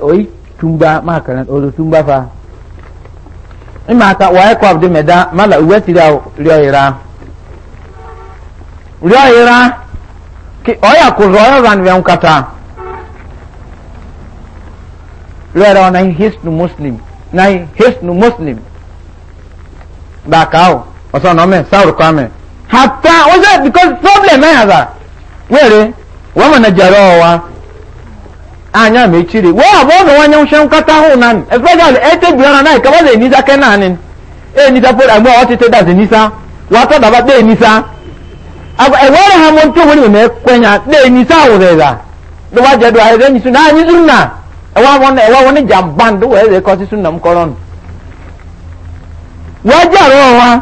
oyi tumba ma karan tumba fa ima ka waye ko abde meda mala uwe ti da rio ira rio ira ki oya ko royo ran we unkata rio ira na hisnu muslim na hisnu muslim ba kao oso no me saur ko me hatta ozo because problem eh ada were wa manajaro wa anya mechiri wee abụọ na nwanye nwụcha nkata ahụ na especially etebiara na ikaba na enisa kenan enisa pụrụ agba ọchịchị dat enisa wata daba dabata enisa ewere ha mụ ntụ nwere na kwenya na enisa awụrịra dụwa jedu ahịrị enyi su na anyị su na ewawo ni e, e, jamban e, dị wee ree kọsị su na m kọrọ nụ wee jara ọwa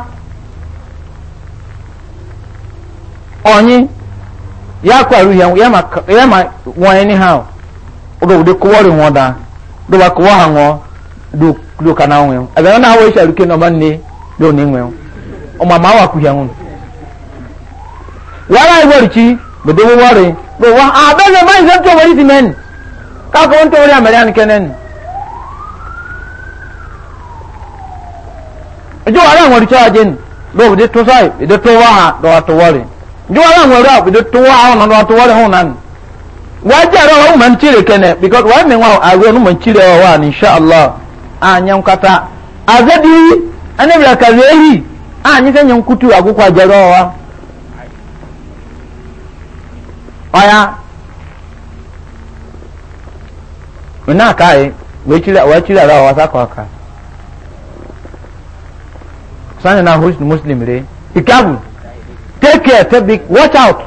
onye ya kwaru ya ma nwanyị ha odo de kuwari wọn da do ba kuwa ha wọn do do kana wọn abẹ na awọ isa ruke na ọba nne do ne wọn ọmọ ma wa kuhia wọn wàhálà ìwọrìkì bèdè wọwọrì do wa abẹ́lẹ̀ máa ń sẹ́ tó wọ́n yìí mẹ́ni káàkó ń tó wọlé àmàlẹ́ àni kẹ́nẹ́ ni. ìjọ wàhálà àwọn ìrìkì ọ̀jẹ̀ ni do bèdè tó sáì bèdè tó wá ha do wa tó wọ́rì ìjọ wàhálà àwọn ìrìkì ọ̀jẹ̀ bèdè tó wá ha ọ̀nà do wa tó wọ́rì hàn náà ni. wajara wa man chire kene because wa men wa ago no man chire wa wa insha Allah anyan ah, kata azadi anabira kazehi anyi ah, kan yan kutu ago kwa jara wa oya ina kai we chire wa chire ra wa sako aka sana na husn muslim re ikabu take care take big watch out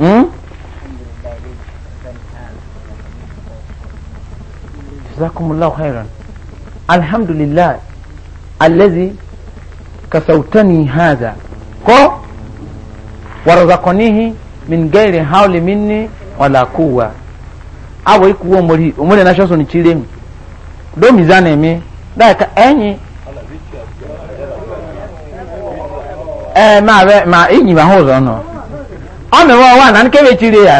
جزاكم الله خيرا الحمد لله الذي كسوتني هذا كو ورزقنيه من غير حول مني ولا قوة awo ikuwo mori omori na shoso ni chire mi do mizane mi da ka enyi eh ma be ma enyi ba ho zo no ọnụrụ ọwa na nke mechiri ya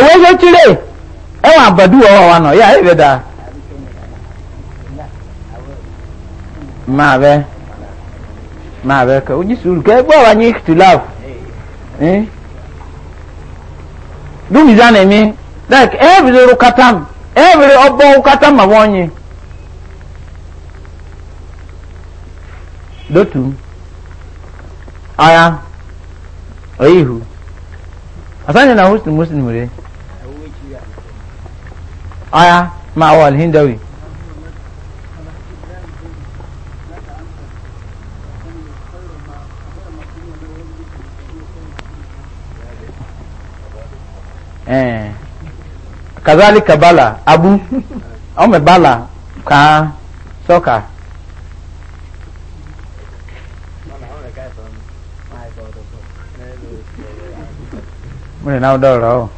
ewe mechiri ewe abadu ọwa nọ ya ebe ebeda mabe mabe ka onye suru ka ebe ọwa nye ikhtilaf eh? dumiza na-eme like every rukatam ebiri ọbọ rukatam ma bụ onye dotu aya oyihu asanya na husni muslim re aya ma wa alhindawi eh kazalika bala abu ome bala ka soka mune na odoro o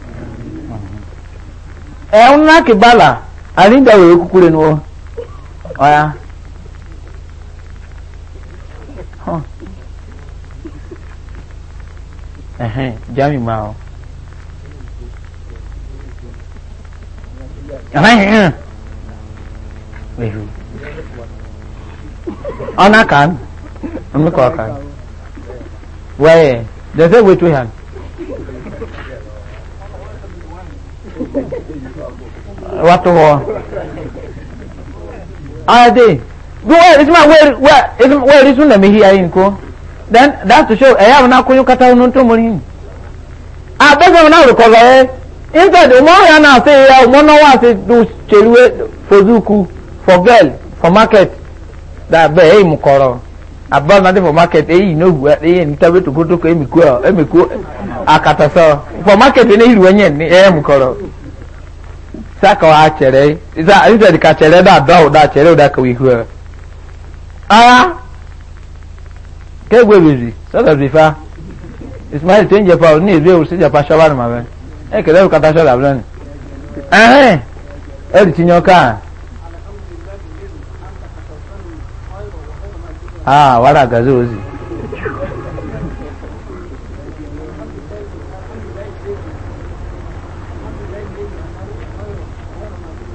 e eh, unna ki bala arinda we kukure no oya ehe jami mao ọ̀nà kan ọ̀nà kan wẹ́ẹ̀ dẹ̀sẹ̀ wẹ́tú hàn. watu ho ade do where is my where where is where na me hear in ko then that's to show eh na kunyu kata unu instead ya na say eh, no say do eh, for girl for market that be mukoro na for market eh, to go to akata for market mukoro saka wa chere isa isa dika chere da da da chere da ka wihu aya ke gwe bizi sada bifa ismail tenje pa ni ebe o sija pa shawar ma ben e ke da ka ta shawar abran eh eh e tinyo ka ah wara gazo ozi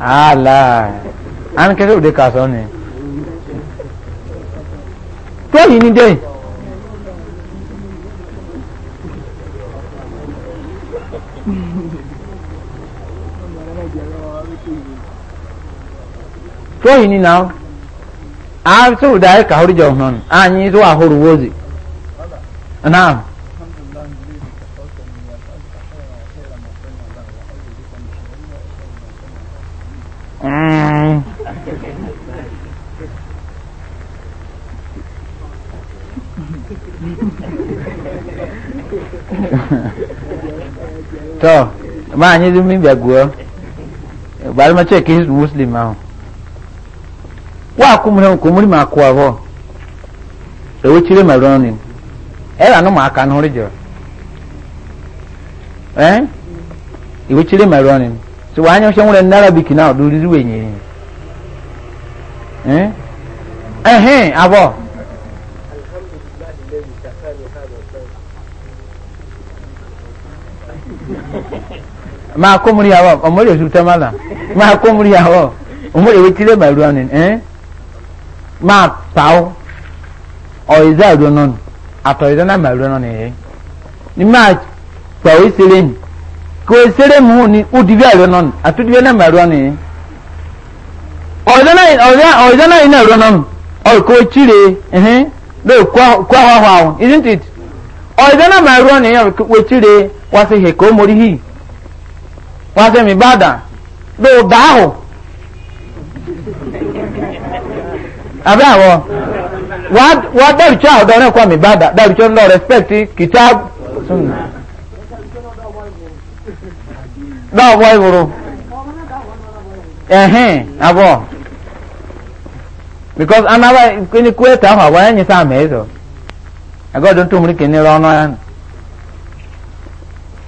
ala an kẹsẹ òde kà sọ ni tẹyìn ni dẹyìn tẹyìn ni náà a sọ òde ayé kà orí jọ hàn án yín tó àhóru wọ́ọ̀zì náà. to ma anyị dị mmiri bịa gụọ gbara macha eke hizbu muslim ahụ wa akwụmụrụ nke omuri ma akụ ahụ ewechiri ma rọọ nri ebe anụ ma aka n'ụrụ jọrọ ee ewechiri ma rọọ nri so wa anya ọsọ nwere ndị arabik na ọdụ riri wenye ee abụọ ma ko muri awo omori osu temala ma ko muri awo omori ewe tile ba ruwa nin eh ma pao o iza ruwa non ato iza na ma ruwa non eh ni ma pao isere ni ko isere mu ni udibi ruwa non atu dibi na ma ruwa nin o iza na o iza na ina ruwa non o ko chire eh do kwa kwa wa wa isn't it o iza na ma ruwa nin ya ko chire wasi he ko mori wọn sẹ mi bàdàn ló dàáhù àbí àwọ wọn dàrúchọ àwọdọ náà kọ mi bàdàn dàrúchọ ńlọ rẹspẹkti kìtà sunna dọwọ bọ ìwòrò ẹhìn abọ because anaba kini kuweta ahụ abọ ya nyesa ama ịzọ agọdọ ntụmụrụ kene rọ ọnụ ya nụ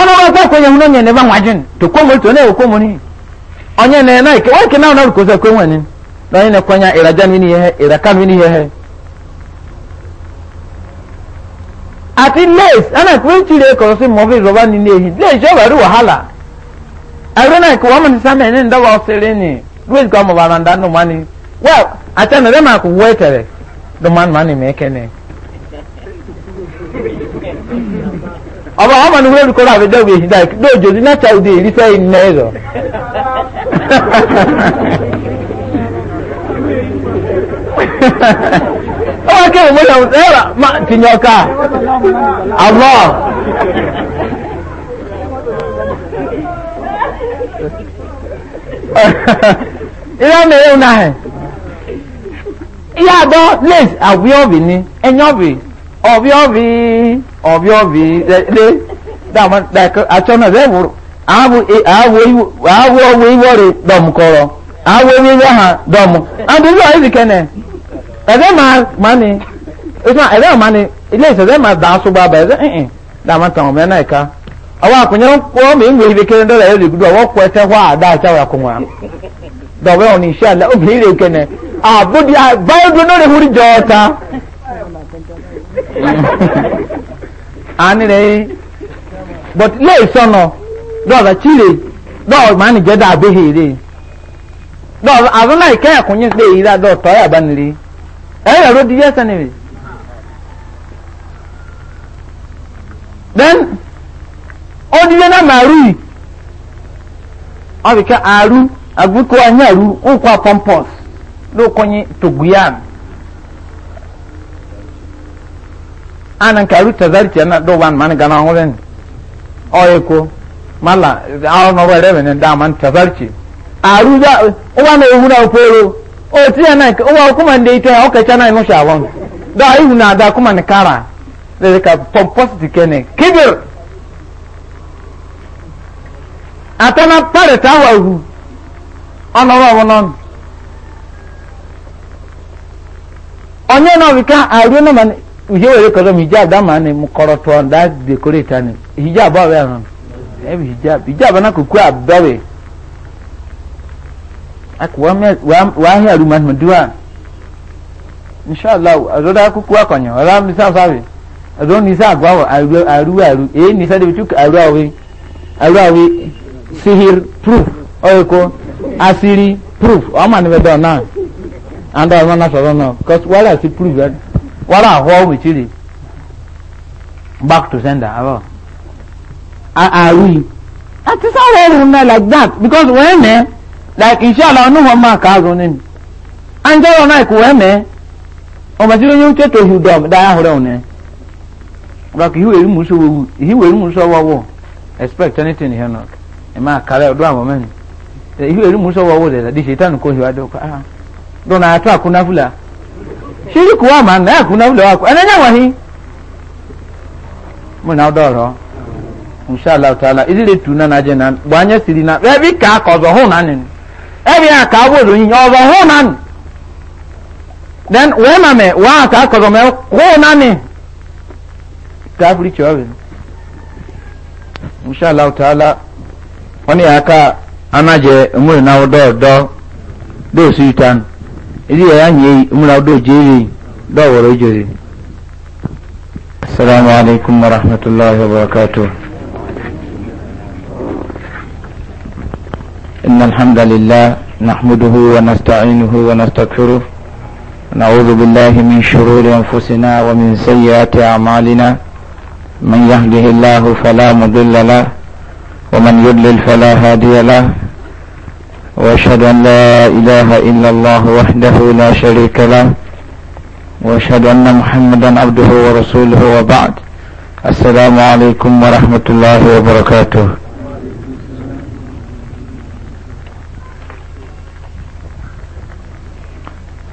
ọnụ ọrụ ọkwa kwenye onye onye n'ebe nwajin to kwomori to na ekwo mori onye na ena ike na ọrụ kosa kwe nwani na onye na-ekwenya irajan wini ihe irakan wini ihe ati lace ana ìpínlẹ̀ chile kọ̀rọ̀ sí mọ́bí ìrọ̀bá ní ilé yìí lace yóò bẹ̀rù wàhálà ẹ̀rọ náà kò wọ́n mọ̀ ní sámẹ̀ ní ìdọ́gba ni grace kọ́ ọba wọn mọ̀nà wúlò kọ́ra àbẹ̀dẹ́ òwe ìṣìdá lóòjò ní náà ṣàwùdí ìrísẹ́ iná ẹ̀rọ. ó wá kéwòn mọ́tò ẹ̀rọ tìyàn ká àbọ̀. ìyá mi ẹ̀ ń náà ẹ̀ ìyá àdó lace àbí ọ̀bì ni ẹ̀yìn ọ̀bì ọ̀bì ọ̀bì. ọbịa obi le dama daka atọna zeburu awo awo awo iwọri dọm kọrọ awo iwọ ha dọm abụrụ ọyị zikene ẹdẹ ma ma esi ẹdẹ ẹdẹ ma ni ilé ìsẹ ẹdẹ ma dàn so bàbà ẹdẹ ẹn dama tàn ọmọ ẹnà ẹka ọwọ akụnyere nkwọ ma enwe ihe kere ndọla ẹdẹ gudu ọwọ kọ ẹtẹ hwa ada acha wa kụnwa dọwọ ọ ni nsha ala obi ile kene abụdị báyọ̀ dúró lórí ọta. anire but no sọnọ ọzọ chile dọọ mani jẹ daa behe re dọọ azọna ike akunye de yira dọọ ya banire ẹ ya ro di yẹ sẹni re then odiye na maru yi ọ bi nkwa ana nka aru tazariti na do wan man gana holen oye mala awo no were be ne da man tazariti aru da o wa no huna poro o ti na o wa kuma nde ite o ka chana no shawon da ai huna da kuma ne kara da ka pomposity kene kibir atana pare ta wa hu ono wa wonon onye na wika aru na ujewere kọlọm hijab da ma ni mukọrọ tọ da dekoreta ni hijab awe anon ebi hijab hijab ana kuku abẹwe aku wa ahia ruma ma duwa inshallah azoda akuku akọnyọ ọla nisa sabi azo nisa agbawo aru aru aru eyi nisa de bitu aru awe aru awe sihir proof ọyọkọ asiri proof ọma ni bẹ dọ naa and ọma na sọrọ naa cause wàhálà si proof yẹn. wala ahụ ọnwụ chili back to sender abụọ arụghị ati sáré rìn mẹ like that because wẹ́n like inshallah ọ̀nà wọn máa kà á zọ nínú anjọ́rọ̀ náà kò wẹ́n mẹ́ ọmọ tí wọ́n tètò ìhù dọ̀m dáyà hùrẹ́ òun ẹ̀ like ìhù èrú mú sọ́wọ́ ìhù èrú expect anything here not ẹ̀ máa kàrẹ́ ọ̀dọ́ àwọn mẹ́rin ìhù èrú mú sọ́wọ́ wọ̀ dẹ̀ dẹ̀ ṣètàn kò hìwà dọ̀ ah dọ̀nà shiriki wa ma na kuna ule wako ananya wahi muna odoro inshallah taala idile tuna na na je nan gbanye siri na ebi ka ka hụ hu nan ebi ka awodo ọzọ hụ hu nan then we ma wee wa ka ka ozo me hu nan ta furi chowe inshallah taala oni aka anaje mu na odoro do do sitan إذا يعني جيري دور جيري السلام عليكم ورحمة الله وبركاته إن الحمد لله نحمده ونستعينه ونستغفره نعوذ بالله من شرور أنفسنا ومن سيئات أعمالنا من يهده الله فلا مضل له ومن يضلل فلا هادي له واشهد ان لا اله الا الله وحده لا شريك له واشهد ان محمدا عبده ورسوله وبعد السلام عليكم ورحمه الله وبركاته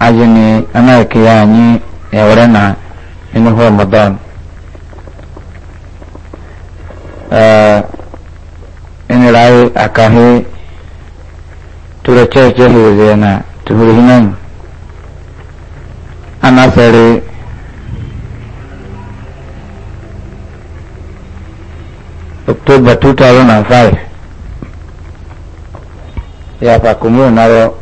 عجني انا يعني يا ورنا إنه هو رمضان آه إن رأي أكاهي turachaacha heedeena tuhurhinan an asari october 2005 yapakumuu naro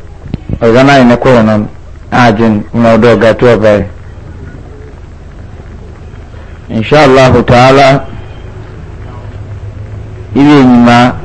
oganaine kuonon ajin unaodogatuobai insha allahu taala ibe nyima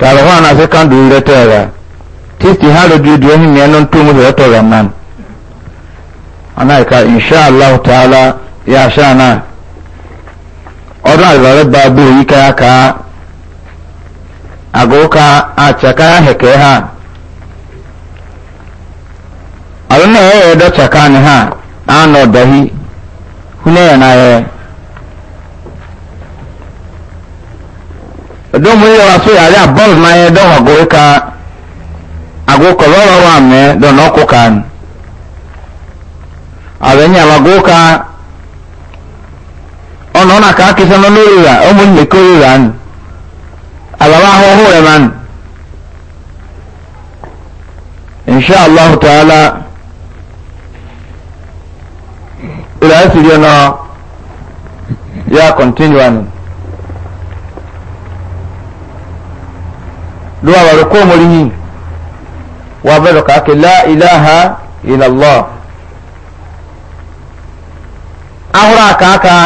tààrà wọn àná sẹkàndù rẹ tẹẹrẹ tisti ha lójú ìdúró ní mìíràn ń tó mọ́tò rẹ tọ̀rọ̀ mọ́ anáìka inshàlá tààlà yà àṣà náà ọdún àlùbárẹ́ bá bóyá ka káyà ká àgọ́ká àtsàkáyà ha àlọ́ náà yẹ chaka ni ha ànà ọ̀dọ̀ yìí do mu yawa so yare a bol na ye do wago ka ago ko loro wa me do no ko kan abenya wago ka ono na ka kisa no no ya o mu ni ko ni alawa ho ho e man insha Allah taala ila asiri na ya continue on lọ́wọ́ àbàrò kó mọ̀rí yìí wà bẹ̀rẹ̀ kàákì láìláha ìlàlọ́ ahúrà kàákà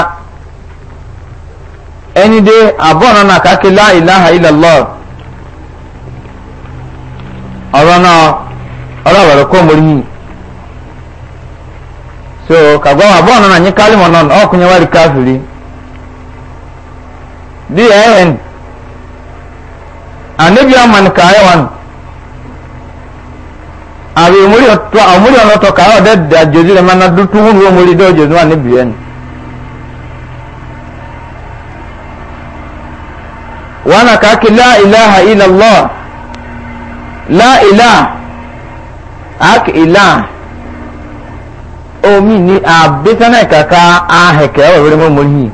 ẹni dé àbọ̀nà náà kàákì láìláha ìlàlọ́ ọ̀rọ̀ náà ọ̀rọ̀ àbàrò kó mọ̀rí yìí so kàgbọ́n àbọ̀nà náà nyí kálímọ̀ náà ọkùnrin wárí káfìrí dn anabi aman kaayɛ wan abi omuri ɔtɔ omuri ɔnɔtɔ kaayɛ ɔdɛ da jodi lɛ mana dutu wulu omuri dɛ ɔjodi wani biyɛn wana kaaki la ilaha illallah la ilaha ak ilaha omi ni abisana kaka ahɛkɛ ɔwɛrɛ mɔmɔ yi.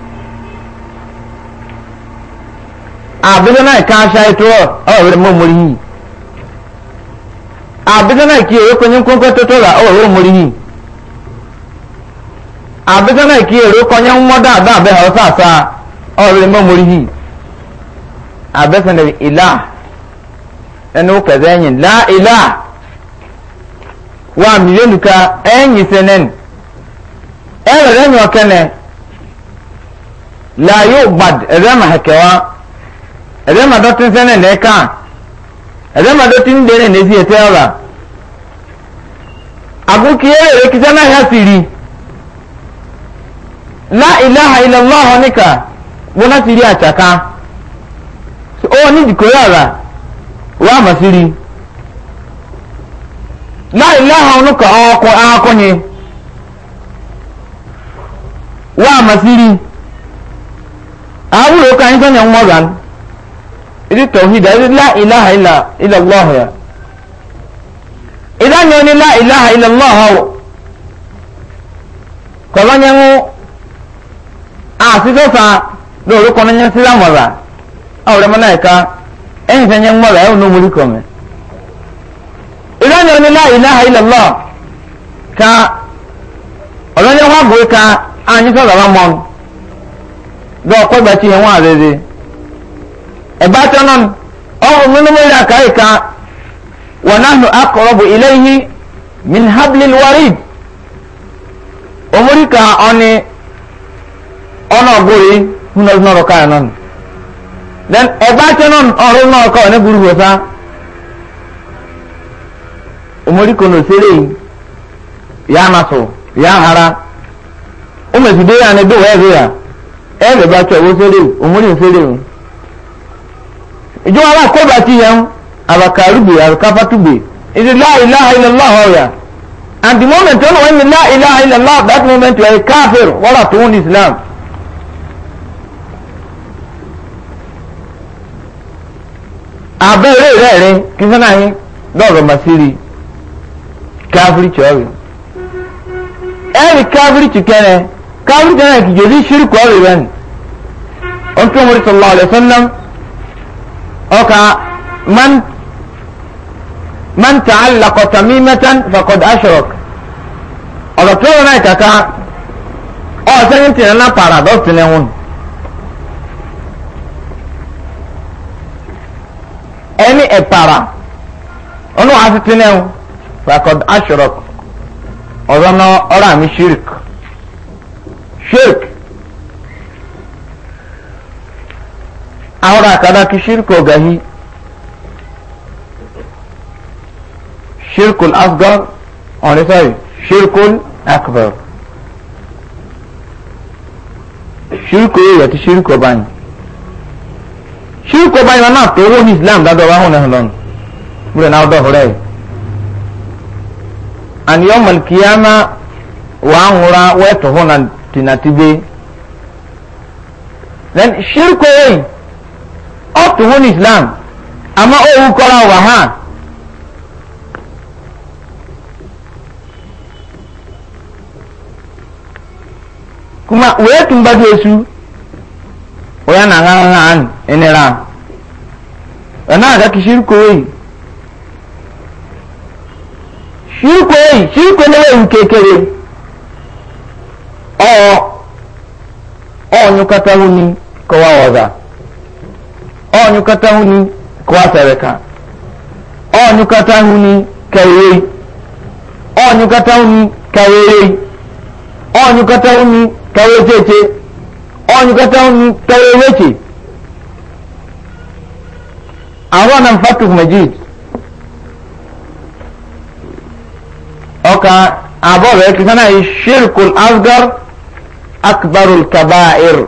abidjan náà ká aṣáájú tó ọwọ́ rẹ̀ mọ́ mọ́rí yìí abidjan náà kí èrò kọyín kọ́ńkọ́ tó tó rà ọwọ́ rẹ̀ mọ́rí yìí abidjan náà kí èrò kọyín mọ́ dáadáa bẹ́ẹ̀ hàn sáàsá ọwọ́ rẹ̀ mọ́ mọ́rí yìí abẹ́sẹ̀lẹ̀ ìlà ẹnu pẹ̀sẹ̀ ẹ̀yìn enyi senen wa mílíọ̀nù ká ẹ̀yìn sẹ́nẹ̀n ẹ̀rẹ̀ rẹ̀ yàn ẹ̀dẹ́ mà dọ́tí sẹ́nẹ̀ nẹ́ẹ̀ká ẹ̀dẹ́ mà dọ́tí ń dẹ́rẹ̀ nẹ́sí ẹ̀tẹ́ ọ̀rà àgùkì èrè kí sẹ́nà na sì rí la ilaha bụ na siri sì rí àtsàká ó ní ìdìkòrò ọ̀rà wọ́n àmà na rí la ilaha ka ọkọ̀ akọ̀nyẹ wọ́n a sí rí àwùrọ̀ kan sẹ́nà ìdí tọ̀hídà ìdí láìláha ìlàláha ya ìdáni oní láìláha ìlàláha o kọ̀lọ́nyẹ́mú àtisọ́sà lóòrú kan nyẹ́ sílámọ̀lá àwòrán mọ́nà ẹ̀ka ẹ̀yìn fẹ́ nyẹ́ mọ́lá ẹ̀hún lómúrí kọ̀mẹ́ ìdáni oní láìláha ìlàláha ka ọ̀lọ́nyẹ́wọ́ àgùrẹ́ ka àyínsọ̀rọ̀ bá mọ́nu dọ́ọ̀kọ́ gbàtí ẹ̀wọ̀n àrẹ́rẹ́ ẹgbàtọ náà ọmọ mímú ìlà káyìká wọn náà nù akọrọbù iléyìí min hablil warid omurika ọni ọna ọgbọrọ húnà ọdún ọrọ káyà náà then ẹgbàtọ náà ọrọ náà kọ ọni burú wọta omurika ọna òsèré yà nàtọ yà hara ọmọ ìfìdí yà ni bí wọ́n yà ẹ̀ bẹ̀ bá tọ̀ ọwọ́ sẹ́rẹ̀ òmùrì ń sẹ́rẹ̀ òun ìjọba wa kó bàtí yẹn abakarugbe abakafatugbe it is la ilaha illallah ọ̀yà and the moment wọn wọn ni la ilaha illallah that moment you are a kafir wọ́n àti wọn islam. abẹ́rẹ́ rẹ̀ rẹ̀ kí sọ́nà yín lọ́rọ̀ masiri káfírí chọ́ọ̀rì ẹ̀rì káfírí chìkẹ́rẹ́ káfírí chìkẹ́rẹ́ kìjọ́ sí ṣírìkù ọ̀rẹ́ rẹ̀ ni. wọ́n tún wọ́n rí sọ̀rọ̀ أوكا من من تعلق تميمة فقد أشرك ọ̀rọ̀ tó yẹ náà kàkà ọ̀sẹ̀ ní tìrẹ̀ náà paradox ni wọn. ẹni ẹ̀pàrà ọ̀nà wàá títí náà wọn fàkọ̀d ashrock ọ̀rọ̀ náà ọ̀rọ̀ àmì shirk shirk ahora kada ki shirko gahi shirkul asgar or sorry shirkul akbar shirko yi ati shirko bani shirko bani wọn náà tó owó ní islam dáadọ́ wa hùn náà lọ́nà múlẹ̀ náà dọ̀ hùrẹ́ yìí and yọ malkiyama wàá hùra wẹ́ẹ̀tọ̀ hùn náà then shirko yìí to islam ama òun kọ́ra wà hàn. kuma wee tun ba esu oya na ha ha an enera ana ga ki shirku wei shirku wei shirku ne wei kekere o o nyukata huni kwa waza onyukata huni kwasereka onyukata huni kawei onyukata huni kawei e onyukata huni kawecheche e onyukata huni kaweweche e awana mfatu majid oka above kisana shirkul asgar akbarul kabair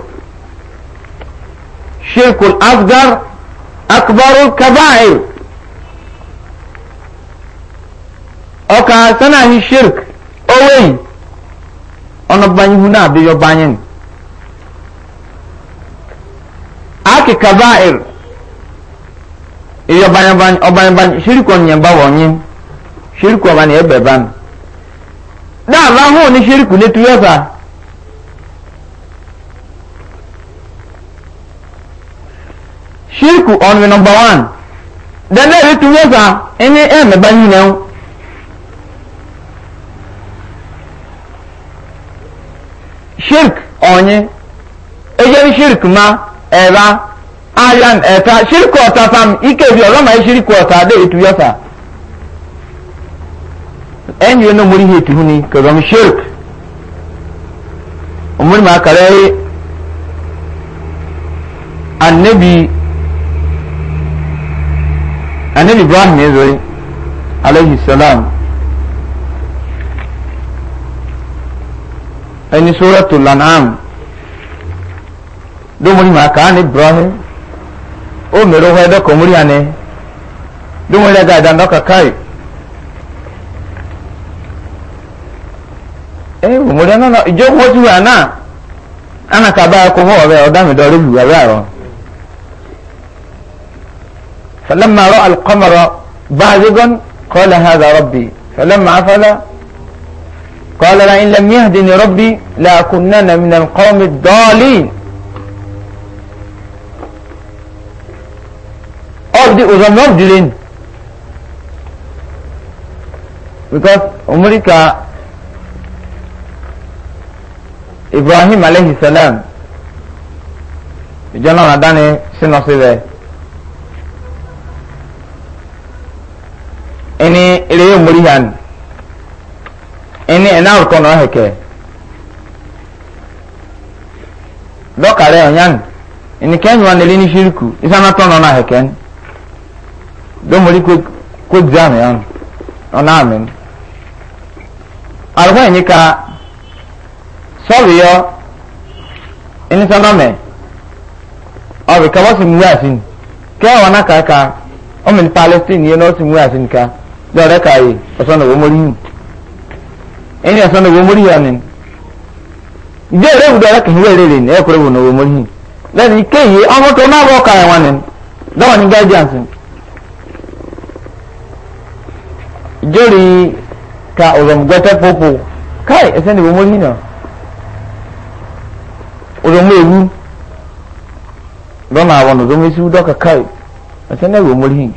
الشرك الأصغر أكبر الكبائر أوكا سنة الشرك أوي أنا بني هنا بيو بانين أكي كبائر iyo banyaban obanyaban shiriko nyamba wonyin shiriko bani ebeba da ba ho ni shiriko ne tuyasa shirku on the number one dẹ́ndé rí tu yẹ́sà ẹni ẹ̀ mẹ́ba yín náà. shirk ọ̀nyin ejeri eh, shirk ma ẹ̀ra eh, ayan ah, ẹ̀ta eh, shirk ọ̀ta sam ike bi ọ̀rọ̀ máa shirk ọ̀ta dé ètù yẹ́sà ẹ̀yìn yẹn náà mo rí hi ètù hu ni shirk ọmọdé máa kàrẹ́ anabi anabi ibrahim ezori alayhi salam ẹni sóràtò lanam domoni ma kaa ni ibrahim o mero hɔ ɛdɔ kɔmori ani domoni ɛga ɛda ndɔ kakai ee omori ɛnana ìjọ wo ti wà náà ana kaba ɛkọ hɔ ɔbɛ ɔdá mi dɔ ɔlẹ́bi wà bẹ́ẹ̀ rọ. فلما رأى القمر بازغا قال هذا ربي فلما عفل قال لئن لم يهدني ربي لأكنن من القوم الضالين أرضي أذن on Magdalene because أمريكا إبراهيم عليه السلام ìjọ náà dáni sínú ini ile murihan ini ena ko no heke dokare onyan ini kenyu an ile ni shirku isana to no na heke do muri ko ko jam yan ona amen alwa ni ka sobiyo ini sana me o bi ka wasi mu yasin ke wana ka ka o min palestine ye no si mu ka lọ́rẹ́ kàyé ọ̀sán lọ́wọ́ mórí yìí ẹ̀yìn ọ̀sán lọ́wọ́ mórí yà ni ìdí ẹ̀rẹ́ ìwúdọ̀ ọ̀rẹ́ kìí wẹ̀rẹ̀ rẹ̀ ní ẹ̀kọ́ ìwọ̀n lọ́wọ́ mórí yìí lẹ́nu ìkéyìí ọmọ tó máa bọ̀ kàrẹ̀ wọn ni lọ́wọ́ ní guidance ìjọ́rì ka òròmùgbẹ́tẹ́ pópó káì ẹ̀sẹ̀ lọ́wọ́ mórí náà òròmù èwú lọ́nà àwọn òròmù èsì dọ́kà káì ẹ̀sẹ̀ lọ́wọ́ mórí yìí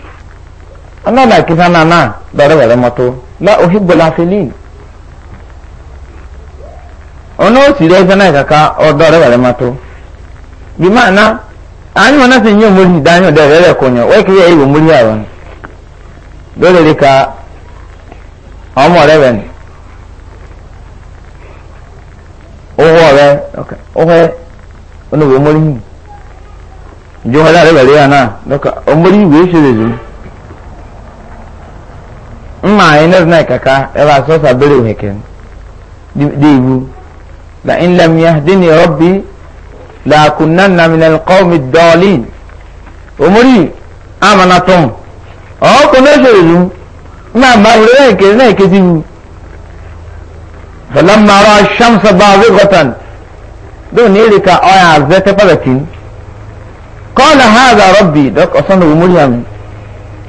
ana da kisa na na bare bare moto la uhibbu lafilin ono si dai fana kaka o dore bare moto bi mana ani wana sin yo muri danyo da rere konyo wai kiye yi wo muri awon dole rika omo reven owo re okay owo ono wo muri ni jo hala re bare ana doka o muri we se de mma ines na kaka eba so sabere heken dibu la in lam yahdini rabbi la kunanna min alqawmi ad-dallin omori amana tom o ko ne se yu ma ma re ke na ke dibu falamma ra ash-shamsa bazighatan do ne rika aya zata faratin qala hadha rabbi dak asanu omori amin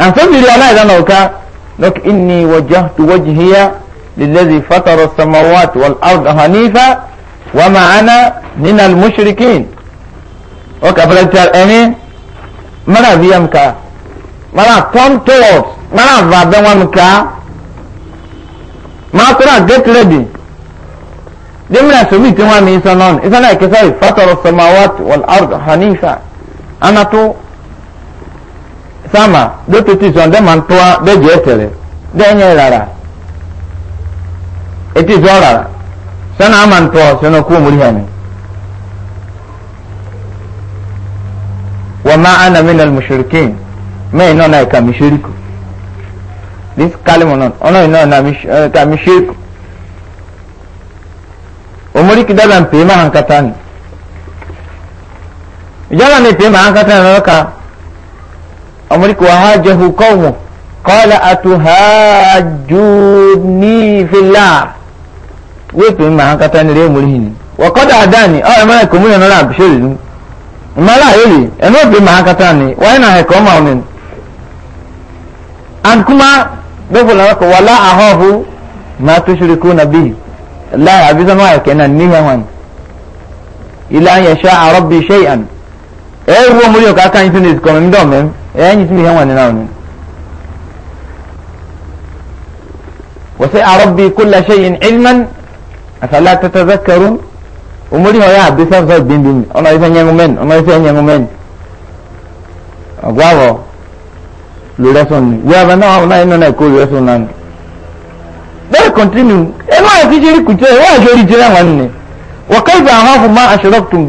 أنصبني لأنا إذا نوكا لك إني وجهت وجهي للذي فطر السماوات والأرض حنيفا وما أنا من المشركين وكبرت أني مرا بيامكا مرا come towards مرا بابنوامكا ما كنا get ready دمنا سميت ما ميسانون إذا أنا كسائي فطر السماوات والأرض حنيفا أنا تو sama dotu ti sɔn dɛ ma tɔa dɛ jɛ tɛrɛ dɛ nyɛ rara eti zɔn rara sani a ma tɔ sani ko muri hɛni wa ma ana min al mushrikin mɛ ina na ka mushriku this kalima non ɔnɔ ina na eh, ka mushriku omori ki dala pe ma hankata jala ne pe ma hankata ni أمرك وهاجه قومه قال أتهاجوني في الله ويبين معها كتان ريم الهين وقد أداني أو أما يكون من بشير ما لا يلي أنا بين معها كتاني وين هكما معهم أن كما بقول لك ولا أهوه ما تشركون به لا يعبدون ما يكون النهوان إلا أن يشاء ربي شيئا أي هو مليك أكان يتنزكم من دومهم ẹ̀yìn tí mi hẹ́wọ̀n nínú àwọn ni. وسع ربي كل شيء علما أفلا تتذكرون umuri hɔ yɛ abe sɛm sɛ bin bin ɔnɔ ifɛ nyɛ ŋumɛn ɔnɔ ifɛ nyɛ ŋumɛn ɔgbawɔ lorɛ sɔn ni wia bɛ náà ɔnɔ inú náà kó lorɛ sɔn náà bɛɛ kɔntinu ɛnú àti seri kùtɛ ɛwà seri jẹ náà wà nínú wà kẹfà àwọn afọ ma aṣọrọ tún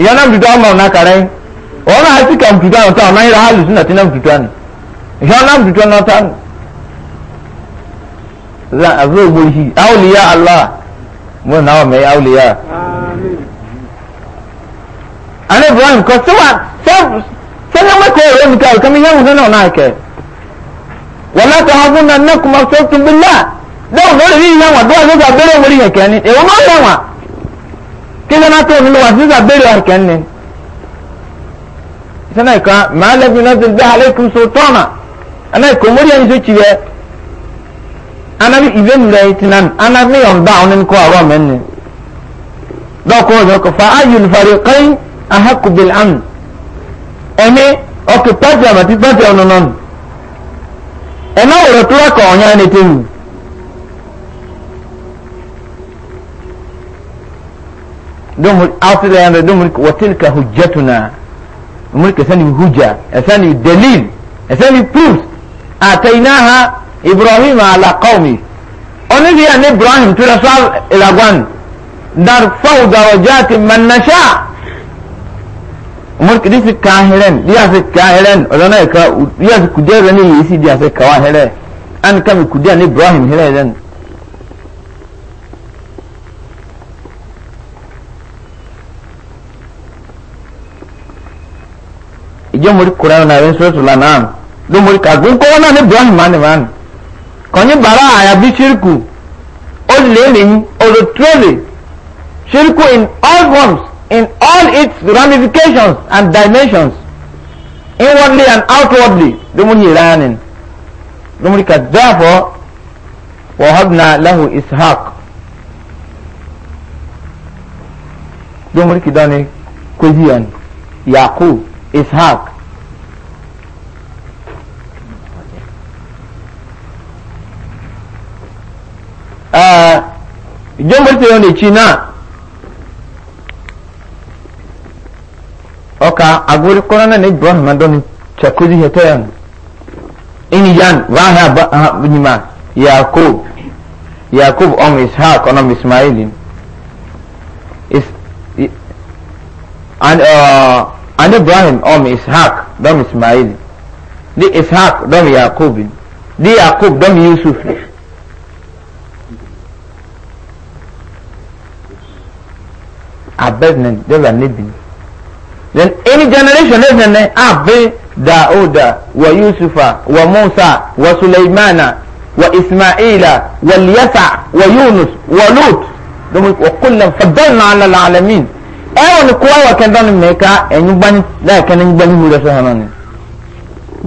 ìyá náà tuntun ọmọ ọ̀nà kàrẹ́ wọn náà ti kàm tuntun àwọn tó àwọn ayélujára hàlù sí nàtí náà tuntun àná ìyá náà tuntun náà tán zan àfẹ́ ògbó yìí awòlíyá allah mo nà ọ́ mẹ́yà awòlíyá. àná ibrahim kọ sí wa sẹ́ni ọmọ ẹ̀kọ́ ọ̀rẹ́ mi ká ọ̀kẹ́ mi yẹn wọn náà náà kẹ́ wọn náà tó hàn fún náà náà kùmà fẹ́ bí náà náà wà dọ́wọ́ rí yẹn kẹ́ ni كذا ناتو من الوسيسة بيري أركنن سنة كا ما لك ينزل بها عليكم سلطانا أنا كمريا نسوشي أنا بي إذن لأيتنان أنا بي ينبعون إنكو أروا مني دوكو دوكو فأي الفريقين أحق بالأمن أني أوكي باتيا ما تتباتيا وننن أنا ورطوك أعنياني تيمي دوم أصل يعني دوم وتلك حجتنا ملك ثاني حجة ثاني دليل ثاني proof أتيناها إبراهيم على قومه أنذي أن إبراهيم ترسل إلى قوم نرفع درجات من نشاء ملك دي كاهلن دي أسي كاهلن ولنا يكا دي أسي كدير لني يسي دي أسي كواهلن أن كم كدير إبراهيم هلين ìjọ mori kura na ẹni sọ́sọ́ la náà ló mori kà gbogbo wọn náà ní ibrahim mani mani kọ́ni bàrà àyà bí ṣírkù ó lé nìyí ọ̀rọ̀ tírọ̀lì ṣírkù in all forms in all its ramifications and dimensions inwardly and outwardly ló mori yìí rárá nìyí ló mori kà dáàbọ̀ wàhábùnà lahu ishaq ló mori kì dání kò yíyan yakub ishaq jombo te yone china oka aguri korona ne bon madoni chakuzi heteyan ini jan wa ba nima yakub yakub om ishaq onom ismail is and uh, and ibrahim om ishaq dom ismail di ishaq dom yakub di yakub dom yusuf abednen deva nebi then any generation even abe dauda wa yusufa wa musa wa sulaimana wa ismaila wa yasa wa yunus wa lut domin wa kullum faddalna ala alamin ẹwọn ni kowa wa kẹndọn ni mẹka ẹni gbani láì kẹni gbani hu lọsọ hàn ni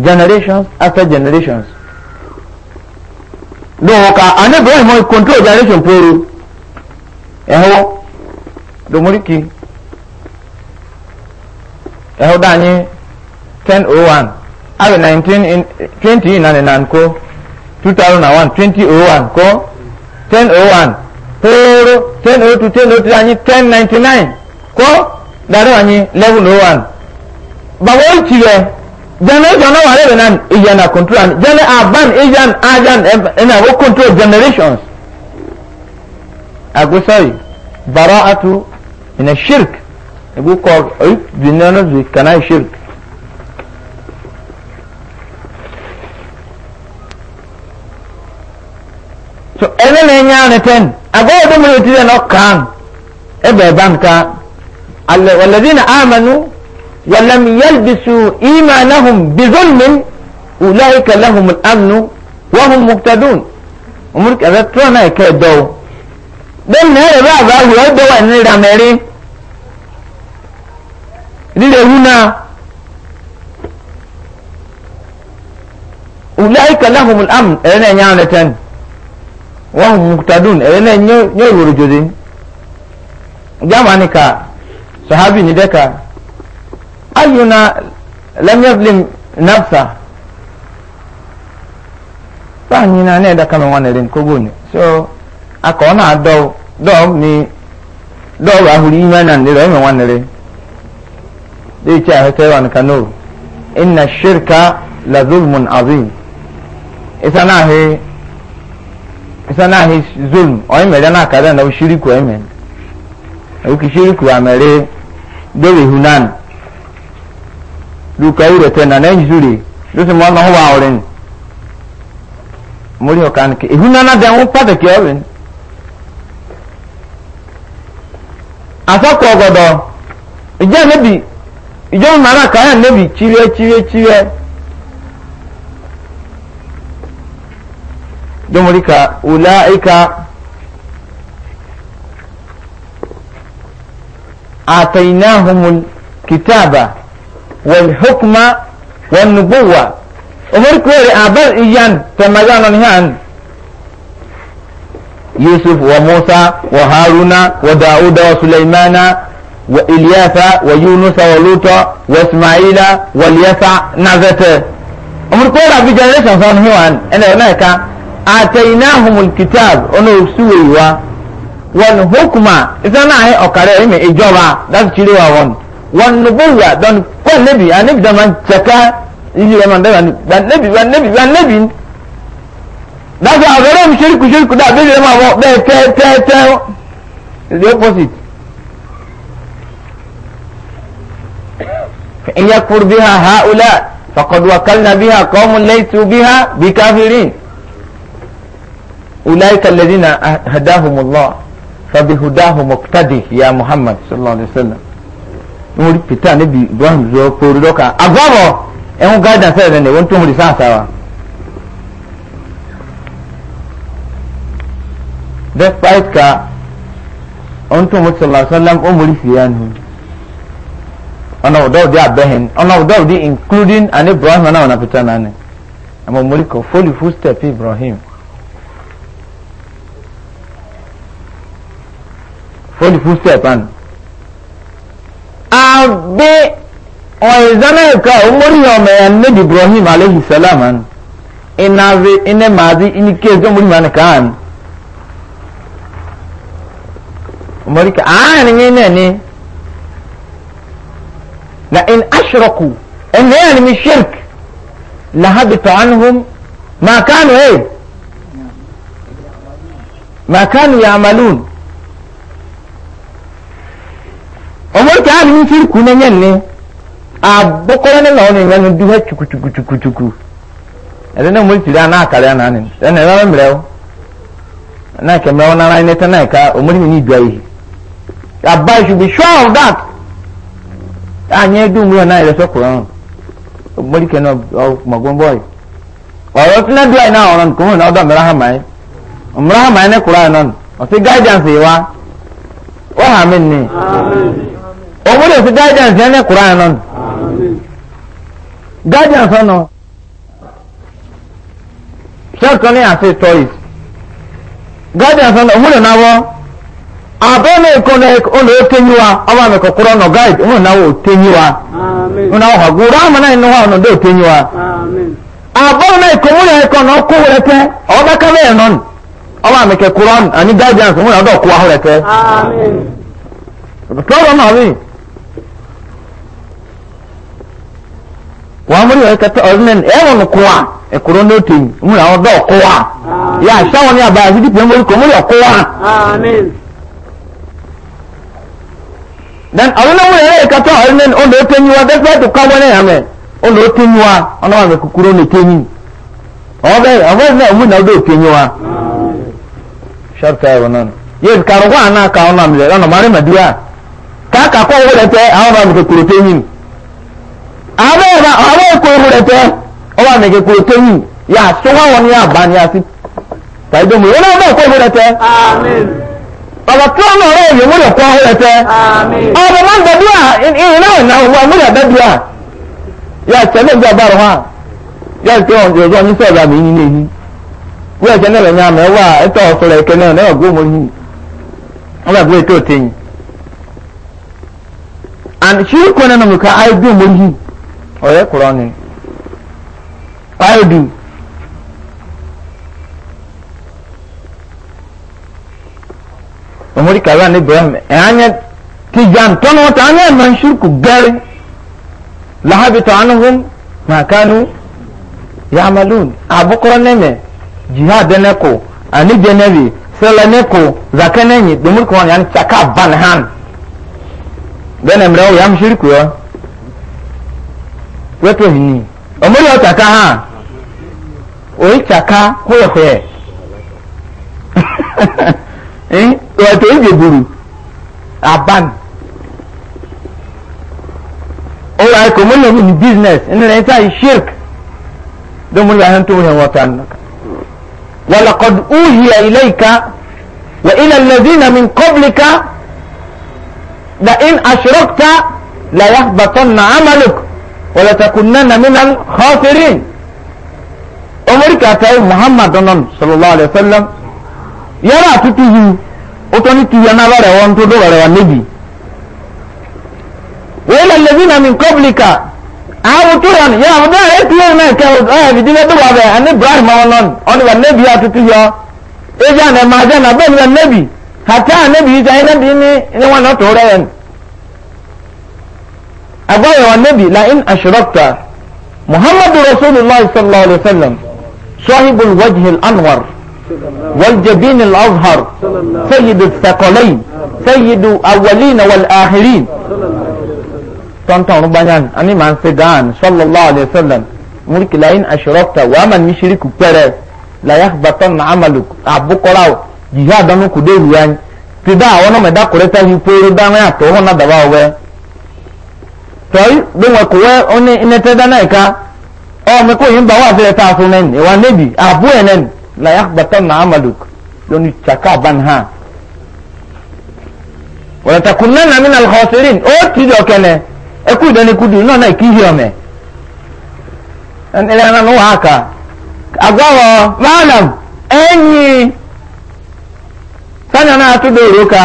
generations after generations dọwọ ka anabi wọn mọ control generation poro ẹhọ domoriki ɛhɔ da anyi ten o oh one abe nineteen in twenty in and nan ko two thousand and one twenty o oh one ko ten o oh one pooro ten o two ten o three anyi ten ninety nine ko dari anyi eleven o one bàbá ó ti rẹ generation náà wà lẹ́rẹ̀ náà ìyẹn na control and jẹ́lẹ̀ aban asian ajan ẹ̀nà ó control generations àgùsọ̀rì bàrọ̀ àtú من الشرك يقول قال عيب دينانا زي كناي شرك so ɛne na ɛnya ne tɛn agɔ ɔdɔ mu yɛti dɛ na ɔkan ɛbɛ ban ka waladina amanu walam yalbisu imanahum bizulmin ulaika lahum al-amnu wa hum muhtadun umur ka ɛbɛ tɔn na ɛkɛ dɔw bẹ́ẹ̀ni ẹ̀rẹ̀ bá àbá wù ọ́ gbọ́ wà ní ìdàmẹ́rin líle hu náà wùláyì kẹlẹ́ ahùnmùn am ẹ̀rẹ́ náà nyá ọ̀nà tẹ́ni wọ́n hùn mùtàdùn ẹ̀rẹ́ náà nyẹ́ ìwòrò jòdì jámánì ká sàhábì ayùnà lẹ́mìẹ́bìlìm nàbsà fáànì náà ẹ̀dá kàmẹ́wọ́n ẹ̀rẹ́ kógó ni aka ọ na-adọ dọọ ni dọọ ahụrụ ime na ndịrị eme nwanere dị iche ahụta ịwa nka no inna shirka la zulmun azim isa na ahị isa na ahị zulm onye mere na akada na shiriku eme oke shiriku a mere dere hunan duka urete na na dusi mo na ho wa orin muri ke ihunana de un pade ke asakwa ọgọdọ ìjẹ́ níbi ìjọ mara kàáyà níbi chire chire chire jọmọlíka ọláìka àtẹ̀yìnáhùnmùn kìtàbà wọ̀n hukuma wọ̀n nubuwa omorikwe rẹ̀ abẹ́ ìyàn tẹ̀mẹ́gánà ní hàn يوسف وموسى وهارون وداود وسليمان وإلياس ويونس ولوطا وإسماعيل واليسع نزت أمر كورا في جنريشن صان هوان أنا هناك آتيناهم الكتاب أنو سويوا والحكمة إذا أنا هي أكره إمي إجابة داس تشيلوا وان والنبوة دون كل نبي النبي ده من شكا يجي من ده من نبي من نبي من نبي dájọ́ àbẹ̀rẹ̀ mi ṣeríkù ṣeríkù dà bẹ́ẹ̀ máa wọ bẹ́ẹ̀ tẹ́ tẹ́ tẹ́ the opposite. فإن يكفر بها هؤلاء فقد وكلنا بها قوم ليسوا بها بكافرين أولئك الذين هداهم الله فبهداه مقتدي يا محمد صلى الله عليه وسلم نوري بيتا نبي دوام زو كوريدوكا أغابو إنه قاعدة سيدنا وانتم رسالة despite ka onto mu sallallahu alaihi wasallam umuri fiyanu ona odo di abehen ona odo di including an ibrahim na ona pitana ne ama umuri ko fully footstep ibrahim fully footstep an abe oizana ka umuri yo me ne ibrahim alaihi salam an inazi ine mazi inike zo muri man kan umarika àárín yín náà ni la in ashraku ẹnna eh, yẹn ni shirk la habita anhum ma kanu ee eh. ma kanu yamalun umarika àárín yín shirku na yẹn ni abokoro ah, ne na ọ na-enye no duha chukuchukuchukuchuku ɛdi na mo tiri ana akari ana ni ɛna ɛna ɛna mmerɛw na kɛmɛrɛw nara ne tɛ na ɛka omori mi ni dua yi rabbi should be sure of that àyẹ̀ dùn mí ọ̀nà ìrẹsẹ̀ kùrọ̀rùn ọgbọ́n kẹ́ni ọmọgbọ́n bọ́ọ̀lù ọ̀rọ̀ tí náà dúró I ọ̀rọ̀ nǹkan wọn ọ̀dọ̀ mìíràn hàn máyé mìíràn hàn máyé ní kùrọ̀ àná ọ̀sẹ̀ guidance yìí wá wọ́n hàn mí nì ọmọ rẹ̀ ọ̀sẹ̀ guidance yẹn ní kùrọ̀ àná guidance ọ̀nà ṣẹ́ẹ̀tọ́ ní àṣẹ choice guidance ọ̀nà ọmọ rẹ̀ náà wọ́. abone kone ono otenyiwa awa no guide ono na otenyiwa amen ono ha gura mana no ha ono do otenyiwa amen abone ko no oba ka be non awa ani guidance ono do amen wa mo le ka to onen e won ko wa e kuro no do wa ya sha won ya ba wa then ọ̀run náà wúlò ẹ̀rẹ́ ya ọ̀run náà ó lè ó tẹ́yìn wa dẹ́gbẹ́ tó kọ́ wọlé ẹ̀mẹ́ ó lè ó tẹ́yìn wa ọ̀nà wà mí kúkúrú ó lè tẹ́yìn ọnụ wa. ṣọ́ọ̀tà ẹ̀rọ náà yéé kàrọ̀ wà náà kà ọ̀nà mi lọ́nà mọ́rí màdúrà káàkà kọ́ owó rẹ̀ tẹ́ àwọn ọ̀nà mi kúkúrú ya àwọn ẹ̀kọ́ owó ọ̀rọ̀ tó ọ̀nà ọ̀rọ̀ òye múlẹ̀ kọ́ ọ́ rẹpẹ́ ọ̀rọ̀ máa ń dẹ̀bi à ìrìnà ìrìnà òwò múlẹ̀ dẹ̀bi à yà sẹ́lẹ̀ bí abáàrọ̀ hàn yà sẹ́ ọ̀dọ̀ ọ̀dọ̀ ní sọ̀rọ̀ àmì yín lẹ́yìn bí ẹ̀jẹ̀ náà lẹ́yìn àmọ́ ẹ̀wà ẹ̀tọ́ ọ̀sọ̀rọ̀ ẹ̀kẹ́ náà náà gbó mọ́ yín wọ́n bá gbé ètò ni ayé omori kala ni ibrahim e anya tijan ton wata anya man shirku gari lahabita anhum ma kanu yamalun abukoro neme jihad ne ko ani jenebi sala ne ko zakane ni de murko wani ani chaka ban han bene mrewo yam shirku yo weto hini omori otaka ha oyi chaka koyekoye ètò ìjẹ̀bùrù àbán ó wà ẹ̀kọ́ mọ́lẹ̀ wù ní business ẹni rẹ̀ sáà shirk domin da hantun wuyan wata annaka walaqad uhiya ilayka wa ila alladhina min qablika la in ashrakta la yahbatanna amaluk wa la takunanna min al khasirin umrika ta muhammad sallallahu alaihi wasallam yàrá àtútù yìí ó tó ní tìyà náà bàrẹ̀ wọn tó dọ̀rọ̀ wà níbi. wọ́n lè lèbi nàmi kọ́bìlìkà àwọn tó yàn yà àwọn dáhà ètò yẹn náà kẹ́ ọ̀ ẹ̀dí ní ẹ̀dọ́ wà bẹ̀ ẹni ibrahim àwọn náà ọ̀nì wà níbi àtútù yọ ẹ̀dí àná ẹ̀ máa jẹ́nà bẹ́ẹ̀ ni wà níbi hàtà níbi yìí sáyẹn níbi ní wọn náà tó rẹ̀ yẹn. àgbáyọ̀ والجبين الأظهر سيد الثقلين سيد أولين والآخرين تنتظر بنان أني من سيدان صلى الله عليه وسلم ملك لين أشركت ومن مشرك بره لا يخبطن عملك أبقراو جهادنا كدير يعني tìdá àwọn ọmọ ẹ̀dá kò rẹ́tà yìí pé dáwọn àtọ̀ hàn náà dàbà ọ̀wẹ́ tọ́yí bí wọn kò wẹ́ ọ ní ẹ̀nẹ́tẹ́dá náà ẹ̀ka ọmọ wà fẹ́rẹ̀ tá a fún nẹ́ni ìwà níbi àbú la yahbatanna amaluk lóni tsaka ban ha wọ́n ta kunna na mina lọ́sẹ̀rin ó ti dọ̀ kẹ́nẹ́ ẹkú ìdánikúdu náà náà kí yíyọ mẹ́ ẹnìyàrá ló wà á kà agbáwọ̀ maanam ẹ̀yìn sani náà tó dé ìró ka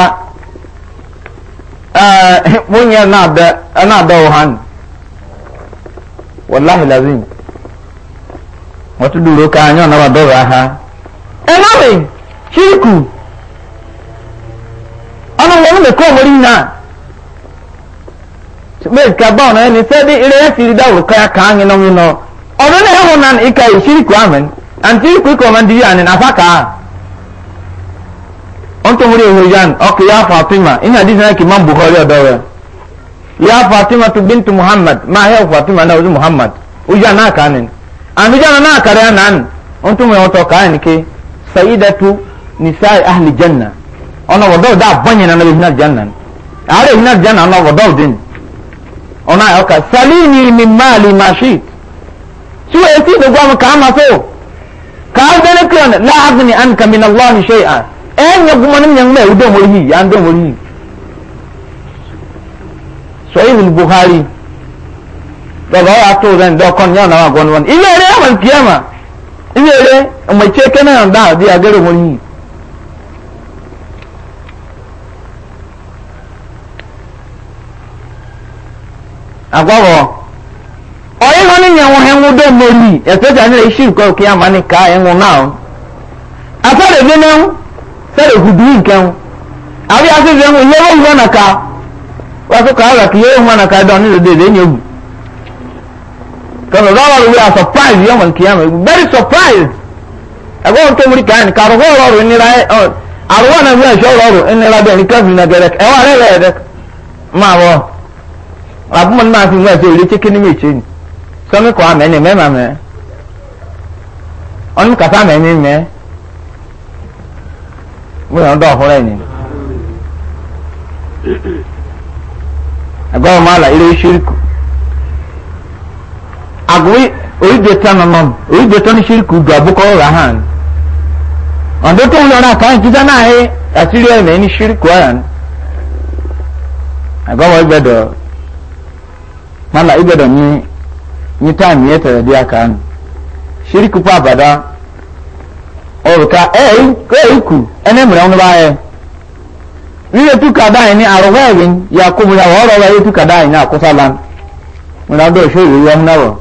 ẹ̀ mo nyẹ ẹ̀ náà bẹ́ ẹ̀ náà bẹ́ wọ̀ hàn lazim wọ́n dúró ká yán náà wà dọ́rọ̀ aha. ẹ náwè ṣírìkù ọ̀nà wọn ní mẹ́kọ́ ọmọ rí náà bẹ́ẹ̀ ká bá ọ̀nà ẹni sẹ́dí ilé ẹ̀sì rí dáwọ̀ ká kàá yín náà nínú ọ̀nà náà ẹ̀wọ̀n náà ìka ìṣírìkù àmì àǹtí ìkú ikọ̀ ọmọ ndíyà ní nàfà kàá. ọ̀n tó múlẹ̀ ìwé yan ọkọ̀ yá fatima ìyá àdìsí náà kì máa ń buhari ọ̀dọ́ rẹ̀ yá fatima tó bíntu muhammad máa yá fatima náà ó sì muhammad ó yá náà kàá nìyí an vijana na kare anan on tun mai wato kayan ke saidatu nisa'i ahli janna ona wadaw da banye na nabi hinar janna are hinar janna ona wadaw din ona ya ka salini min mali ma shi su e ti da gwamu ka ma so ka da ne kan la azni anka min allah shay'a en ya kuma nan yan mai udo murhi an do murhi sahih al-bukhari daga ya tó zan dɔ kɔn nyɛ nama gɔn wɔn ilé yɛrɛ yamma kiyama ilé yɛrɛ ɔmɔ tse kɛnɛ yɛn da di agɛrɛ wɔn yi. agbɔbɔ ɔyɛ hɔn ni nyɛnwo hɛnwo dɛ mɔli ɛsɛ sɛ ɛnɛ esi kɔ kiyama ni ka ɛnwo naa asɛrɛ bi nɛw hudu naka naka de de because all of we are surprised yom al kiyama very surprised ẹgbẹ́ wọn tó múri káyà ní karùkú ọlọ́run nira ẹ àrùwọ̀n náà fún ẹ̀ṣọ́ ọlọ́run nira bẹ́ẹ̀ ní kẹ́fìn náà gẹ̀rẹ́ ẹ wà rẹ̀ rẹ̀ máa wọ̀ àbúmọ̀ náà fi wọ́n ẹ̀ṣọ́ ìlú chicken ní mèche ni sọmi kọ́ àmẹ́ ni mẹ́ma mẹ́ ọ́nù kàtà mẹ́ ni mẹ́ mo yàn dọ̀ ọ̀hún rẹ̀ ni ẹgbẹ́ wọn máa là ilé ṣírí kù agwe orijeta nonom orijeta ni shiriku du aboko ora han ondo to lo na kan ti dana he atiri ene ni shiriku ayan agba wa igbedo mala igbedo ni ni time yete de aka an shiriku pa bada oruka e, ko e, iku e, e, ene mure onu ba ye ni etuka da ni arwa yin yakubu ya woro wa etuka da ni akusalan mura do shoyi wa nawo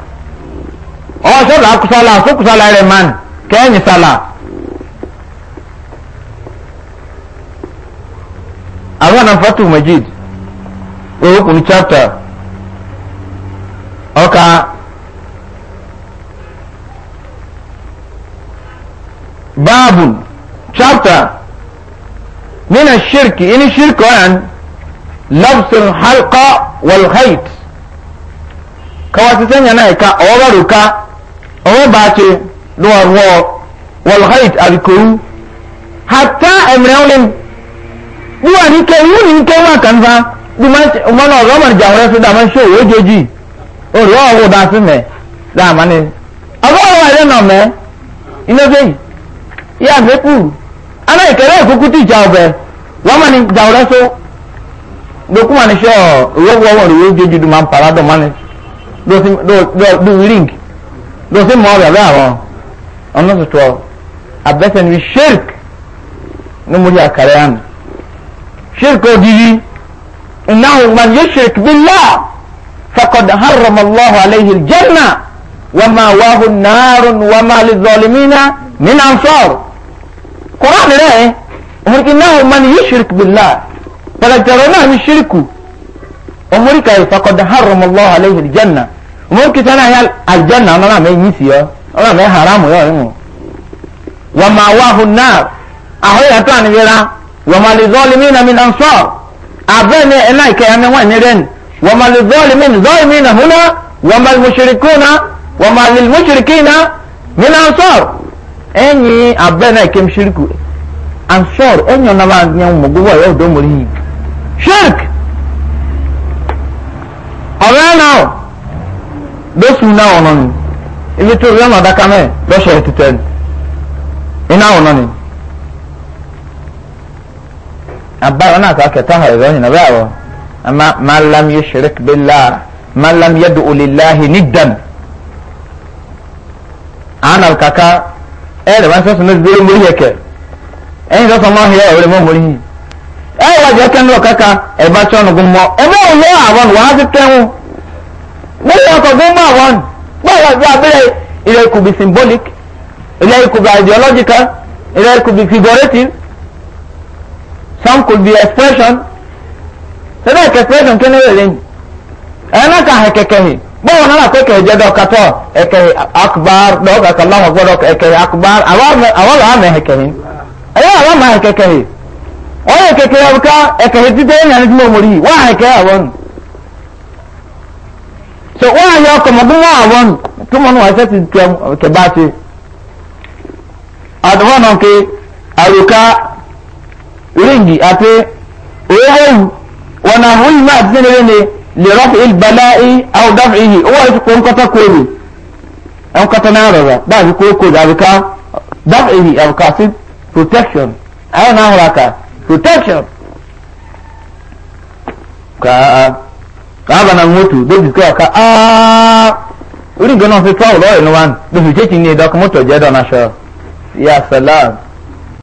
ọ sọrọ akusala akusala rẹ man kẹyìn sala àwọn na fatu majid orúkún chapter ọkà báàbù chapter nínú shirki inú shirki ọ̀nà lọ́bùsùn halkọ́ wọ̀lhait kawasisẹ́yìn náà ẹ̀ka ọ̀wọ́rùka ọwọ́ baake na ọwọ́ wọlhaid alikowu hata ẹmìrẹ́wọ́n ní wà ní kẹ́ wọ́n ní kẹ́ wọ́n àkànfà bí wọ́n náà ọ̀rọ̀ ọmọdé àwọn ẹ̀fọ́ dàmé ṣe òwò jẹjì òrì ọ̀wọ́ dàsí mẹ́ dàmá ni ọ̀bọ̀ ọ̀wọ́ ẹ̀rẹ́ nà mẹ́ iná bẹ́ẹ̀ yíyá fẹ́kù aná ìkẹrẹ́ ìkókú tí ìjà ọbẹ̀ wọ́n mọ̀ ní dàwọ́rẹ́ so dokuma ni sọ òwò wọ́wọ́ òwò jẹjì dùmá paradọ̀ mọ́ni dùn ring lọ́sí mọ́ ọ̀rẹ́ àbẹ́ àwọn ọ̀nàtọ̀tọ̀ abẹ́sẹ̀ ni shirk ní mo rí àkàrẹ́ àná shirk òdìrí ìnáwó man yóò shirk billah fakọ̀d haramallahu alayhi aljanna wàmà wàhùn nàárùn wàmà lizọ́límínà nínú ansọ́ọ̀rù kọ́ránì rẹ̀ ọ̀hún ìnáwó man yóò shirk billah pẹ̀lẹ́tẹ̀rọ náà ní shirku ọ̀hún rí kàyè fakọ̀d haramallahu alayhi aljanna mo kita na yal aljanna ona me yisi yo ona me haramu yo mu wa ma wa hunna aho ya tan yira wa ma li zalimin min ansar abene ena ke ya me wa ni ren wa ma li zalimin zalimin huna wa ma al mushrikuna wa ma lil mushrikina min ansar enyi abene ke mshiriku ansar enyo na ba nyen mu gwo yo do muri shirk Ọ̀rẹ́ náà dosun náà ọ̀nà ni ibi tó rí ọ̀nà àdáká mẹ́ẹ̀ lọ́sọ̀ ètùtẹ̀ iná ọ̀nà ni àbáyọ̀ náà kà kẹta hàn ẹ̀rọ yìí nàbẹ́ àwọ̀ àmà màlám yóò ṣeré bílá màlám yẹ du olèláhi nídàn àánà kàkà ẹ̀rẹ̀ wọn sọ̀sọ̀ ní ìdúró mórí ẹ̀kẹ́ ẹ̀yìn sọ̀sọ̀ mọ́ ọ̀hìn ẹ̀rọ mọ́ mórí yìí ẹ̀wà jẹ́ kẹ́ńdọ̀ kàkà ẹ̀bá tí wọn gùn mọ́ ẹ̀mọ́ òun yẹ àwọn wàá ti tẹ́wọ̀n lẹ́yìn ọkọ̀ tó mú àwọn báwo bí abẹ́rẹ́ ilẹ̀ could be symbolic ilẹ̀ could be ideological ilẹ̀ could be figurative some could be expression sẹ́dọ̀ expression kí ni wọ́n lè ní ẹ̀rọ náà kà hẹ̀kẹ̀kẹ̀hì báwo náà kó kẹ̀hì jẹ́ dọ̀kátọ̀ ẹ̀kẹ̀hì akbar dọ̀kátọ̀ láwọn gbọ́dọ̀ ẹ̀kẹ̀hì akbar àwọn làwọn mẹ̀ hẹ̀kẹ̀hì ẹ̀yẹ́ àwọn mẹ̀ hẹ̀kẹ̀kẹ̀hì wọ́n yẹ kẹ̀kẹ̀ ọ̀ká ẹ̀kẹ̀hì títẹ̀ ẹ̀yàn ní tí mo mọ̀ rí so wọn àyọ ọkọmọdún wọn àwọn túmọ̀ náà wọ́n ṣe ti tẹ kẹba ṣe àtúwọ́n náà ké àròká ríǹgì àti òwòwòwò wọn náà wọn yìí máa dín lórí ni lè rọ́pò ìbálá ì àwòdáfò ìhì owó àti kó nkọ́tà kóòlù nkọ́tà náà rọ̀rọ̀ báyìí kó kóòlù àròká dáfò ìhì àròká sí protection àwọn náà hùwà ká protection. Kaa baba na moto do bi ko ka ah uri gona se travel oil no wan do bi chechi ni da ko moto je do na sho ya salam